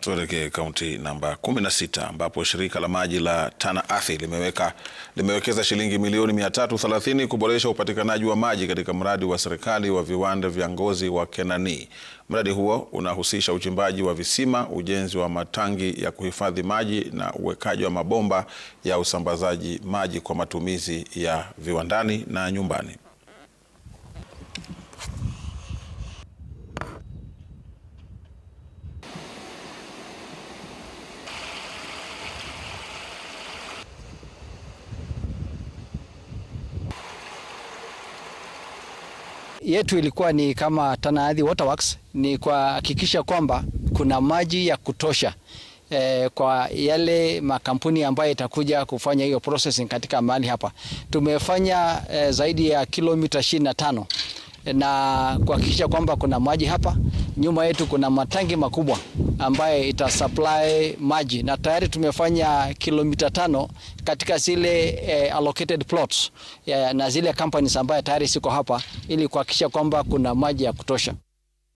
Tuelekee kaunti namba 16 ambapo shirika la maji la Tana Athi limeweka limewekeza shilingi milioni 330 kuboresha upatikanaji wa maji katika mradi wa serikali wa viwanda vya ngozi wa Kenani. Mradi huo unahusisha uchimbaji wa visima, ujenzi wa matangi ya kuhifadhi maji na uwekaji wa mabomba ya usambazaji maji kwa matumizi ya viwandani na nyumbani. yetu ilikuwa ni kama Tana Waterworks, ni kuhakikisha kwamba kuna maji ya kutosha eh, kwa yale makampuni ambayo itakuja kufanya hiyo processing katika mahali hapa. Tumefanya eh, zaidi ya kilomita ishirini na tano na kuhakikisha kwamba kuna maji hapa. Nyuma yetu kuna matangi makubwa ambayo supply maji, na tayari tumefanya kilomita tano katika zile eh, allocated plots ya, na zile companies ambayo tayari siko hapa, ili kuhakikisha kwamba kuna maji ya kutosha.